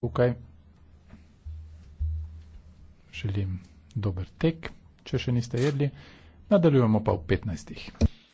tukaj. Želim dober tek, če še niste jedli. Nadaljujemo pa v 15.